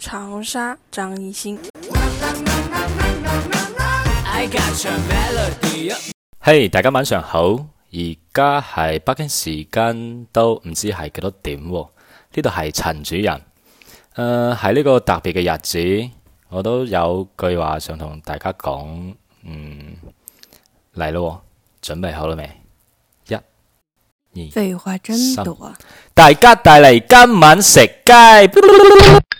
長沙張藝興。hey 大家晚上好，而家係北京時間都唔知係幾多點，啊，呢度係陳主任。誒、呃，喺呢個特別嘅日子，我都有句話想同大家講。嗯，嚟咯，準備好了未？一、二、三、廢話真多啊，大家帶嚟今晚食雞。